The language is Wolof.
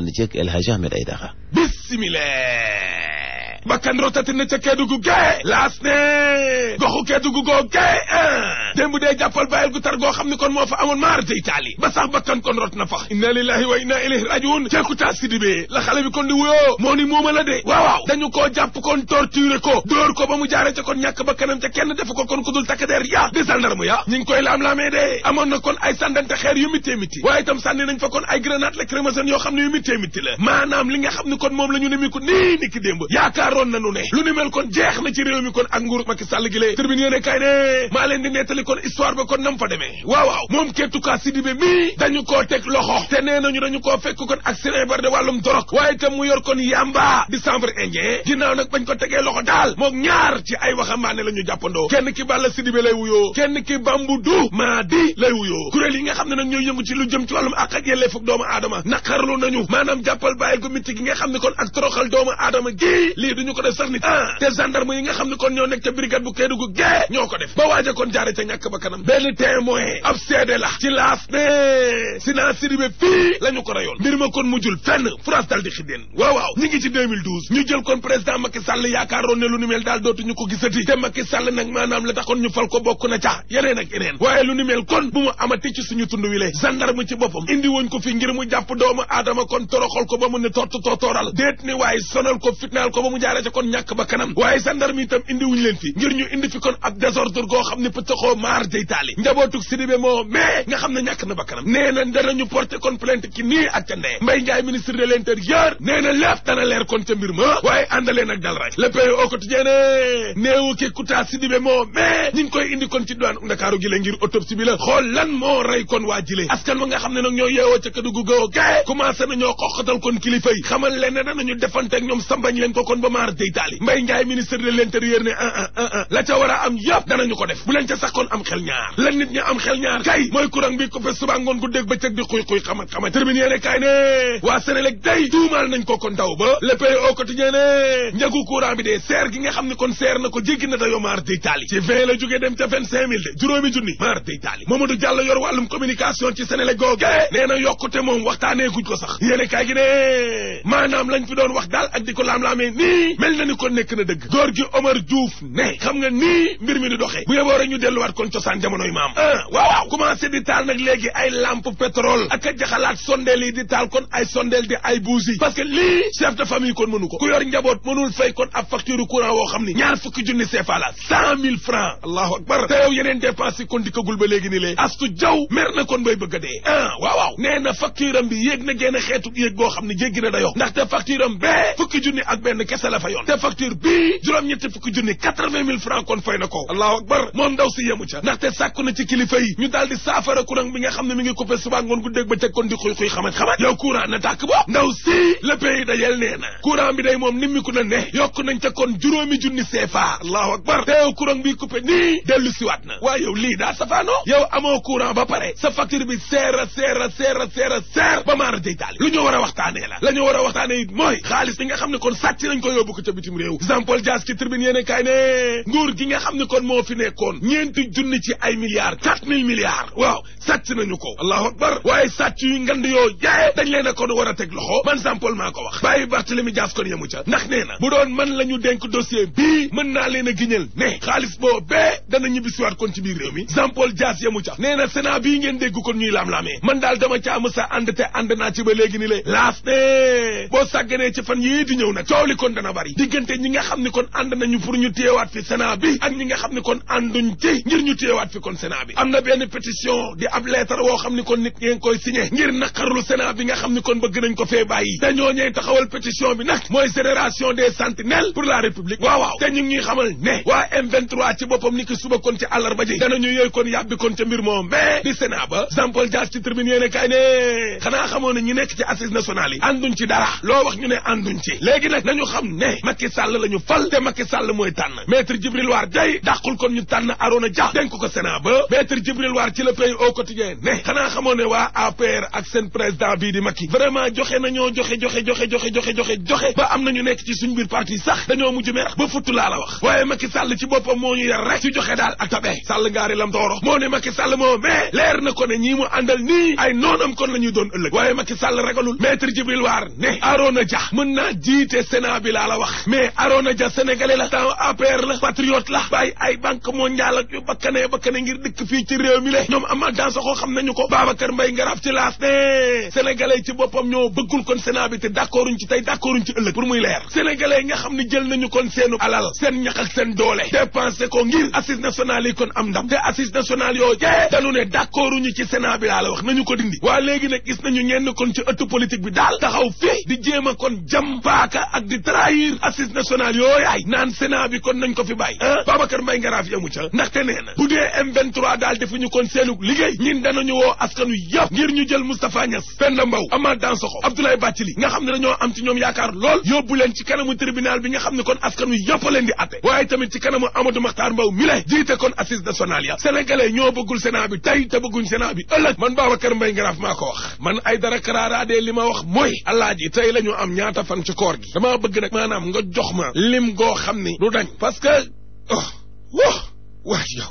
ànd ceeg El Hadj Ahmed Aidara bismillah bakkan rotati na ca Kédougou gae laas ne goxu Kédougou goo gae a démb dee jàppal bàyyil gu tar goo xam ne kon moo fa amoon maar day taali ba sax bakkan kon rot na fa inna lillahi wa inna ilayhi rajiun ceekutaa sidibee la xale bi kon di wuyoo moo ni muuma la de waaw dañu koo jàpp kon torturé ko dóor ko ba mu jaare ca kon ñàkk bakkanam ca kenn defu ko kon ku dul takk der ya di gendarme ya ñi ngi koy laam-laamee de amoon na kon ay sàndante xeer yu mittee mitti waaye itam li nga xam ne kon moom la ñu nemiku nii yaakaaroon nañu ne lu ni mel kon jeex na ci réew mi kon ak nguuru Macky Sall gi lee tribune yéene kaay ne maa leen di nettali kon histoire ba kon nam fa demee waaw waaw moom Kétuka Sidibé mii dañu koo teg loxo te nee nañu dañu koo fekk kon ak seen bar de wàllum dorog waaye itam mu yor kon yamba di chanvre indien ginnaaw nag bañ ko tegee loxo daal mook ñaar ci ay waxambaane la ñu jàppandoo kenn ki Balla Sidibé lay wuyoo kenn ki Bamboudou Madi lay wuyoo kuréel yi nga xam ne nag ñooy yëngu ci lu jëm ci wàllum àq ak yelleef ak doomu aadama naqarlu nañu maanaam jàppal bàyyil ko mitti gi nga ne kon ak toroxal doomu aadama gi lii duñu ko def sax ah. te gendarme yi nga xam ne kon ñoo nekk ca brigade bu Kédougou gée ñoo ko def ba waaja kon jaare ca ñàkk ba kanam benn témoin ab seede la ci laas ne Sina Sidibé fii la ko rayoon mbir ma kon mujjul fenn France dal di xiddeen waaw waaw ñi ngi ci 2012 ñu jël kon président Macky Sall yaakaaroon ne lu ni mel daal dootuñu ko gisati te Macky Sall nag maanaam la taxoon ñu fal ko bokk na ca yeneen ak yeneen waaye lu ni mel kon bu mu amati ci suñu tund wi le gendarme ci boppam ko fi ngir mu jàpp doomu kon ko ba mu ne tort mu jaare ca kon ñàkk ba kanam waaye gendarme itam indi wuñu indi kon ab désordre goo xam ne pëccaxoo maar day taali njabootuk Sidibé moo mais kon plainte le pays moo mais ñu ngi koy indi kon ci douane Ndakaaru gi la ngir autopsie bi la xool lan moo rey kon waa jile wa nga xam ne nag ñoo yeewoo ca Kédougou goo gae commencé na ñoo xoqatal kon kilifa yi xamal leen ne danañu defanteek ñoom sambañ leen ko kon ba mar day taali ministre de l'intérieur ne la ca war a am yëpp danañu ko def bu leen ca saxoon am xel ñaar lan nit ñi am xel ñaar kay mooy courant bi ko fe suba ngoon gu dégg bëccëg di xuy xuy xamat xamat tribune yéene ne waa Sénélec day tuumaal nañ ko kon daw ba le pays au quotidien ne njëgu courant bi dee seer gi nga xam ne kon seer na ko jéggi na dayoo mar day ci vingt la jógee dem ca vingt cinq de juróomi junni mar day taali na yokkute moom waxtaanee guñ ko sax yéene mi mel na ni kon nekk na dëgg góor gi Omar Diouf ne xam nga nii mbir mi di doxee bu yeboo rek ñu delluwaat kon cosaan jamonoy maam ah waaw commencé di taal nag léegi ay lampe pétrole ak a jaxalaat sondeel yi di taal kon ay sondeel di ay buusi parce que lii chef de famille kon mënu ku yor njaboot mënul fay kon ab facture courant woo xam ni ñaar fukki junni CFA la cent francs allahu akbar te yow yeneen dépense kon dikkagul ba léegi ni lee astu jaw mer na a dee ah waaw na xeetu yéeg goo xam ne jéggi na dayo ndaxte facture am benn kese la la fayoon te facture bii juróom-ñetti fukki junni quatre-vingt mille francs kon fay na ko allahu akbar moom ndaw si yemu ca ndaxte sàkku na ci kilifa yi ñu daal di saafara bi nga xam ne mi ngi coupé suba ngoon gu dégg ba teg kon di xuy xuy xamat xamat yow courant na tàkk bo ndaw si le pays dajel nee na bi day moom nimmiku na ne yokk nañ ca kon juróomi junni CFA allahu akbar te yow courant bi coupé nii dellu siwaat na waaye yow lii daa safaano yow amoo ba pare sa facture bi lu ñu war a waxtaanee la la war a waxtaanee it mooy xam ne kon sàcc nañ ko yóbbu yóbbu ko ca bitim réew Jean Paul Dias ci tribune yéene kaay ne nguur gi nga xam ne kon moo fi nekkoon ñeenti junni ci ay milliards quatre mille milliards waaw sàcc nañu ko allahu akbar waaye sàcc yu ngand yoo jaaye dañ leen a kon war a teg loxo man Jean Paul maa ko wax bàyyi Barthélémy Dias kon yemu ca ndax nee bu doon man la denk dossier bii mën naa leen a giñal ne xaalis boo bee dana ñibbisiwaat kon ci biir réew mi Jean Paul Dias yemu ca nee na Sénat bii feebar yi diggante ñi nga xam ne kon ànd nañu pour ñu téyewaat fi Sénat bi ak ñi nga xam ne kon ànduñ ci ngir ñu téyewaat fi kon Sénat bi am na benn pétition di ab lettre woo xam ne kon nit ngeen koy signé ngir nga xam ne kon bëgg nañ ko fee bàyyi te ñooñee taxawal pétition bi nag mooy génération des sentinelles pour ñu ngi xamal ne waa m ci boppam ne xanaa ñu yi ànduñ ci dara loo wax ñu ne ànduñ xam ne ne Macky Sall la ñu fal te Macky Sall mooy tànn maître Djibril War day dàqul kon ñu tànn Arona Dia dénk ko Sénat ba maître Djibril War ci le pays au quotidien ne xanaa xamoo waa APR ak seen président bii di Macky vraiment joxe nañoo joxe joxe joxe joxe joxe joxe joxe ba am nañu nekk ci suñ biir parti sax dañoo mujj mer ba futtu laa la wax waaye Macky Sall ci boppam moo ñu yar rek ci joxe daal ak tabe Sall ngaari lam moo ne Macky Sall moo mais leer la wax mais Arona Dia sénégalais la temps APR la patriote la bàyyi ay banque mondiale ak yu bakkanee bakkane ngir dëkk fii ci réew mi le ñoom amaa dansaxoo xam nañu ko Babacar Mbaye nga rab ci laas ne sénégalais ci boppam ñoo bëggul kon sénat bi te d'accorduñ ci tey d'accorduñ ci ëllëg pour muy leer sénégalais nga xam ne jël nañu kon seenu alal seen ñax ak seen doole dépensé ko ngir assise nationale yi kon am ndam te assise nationale yoo jee dañu ne d'accorduñu ci wax nañu ko dindi waa léegi nag gis nañu ñenn kon ci ëttu politique bi daal taxaw fii di jéem a kon jam ak biir assise nationale yooyaay naan sénat bi kon nañ ko fi bàyyi ah Babacar Mbaye Ngaraaf yamu ca ndaxte nee na bu dee M23 daal defuñu kon seenu liggéey ñin danañu woo askanu ngir ñu jël Moustapha Niass Penda Mbow Amath Dansokho Abdoulaye Bathily nga xam ne dañoo am ci ñoom yaakaar lool yóbbu ci kanamu tribunal bi nga xam ne kon askanu yëpp mi lay jiite kon assise nationale ya sénégalais ñoo bëggul sénat bi tey te bëgguñ sénat bi ëllëg man Babacar Mbaye Ngaraaf maa ko wax man maanaam nga jox ma lim goo xam ni du dañ parce que oh oh waa yow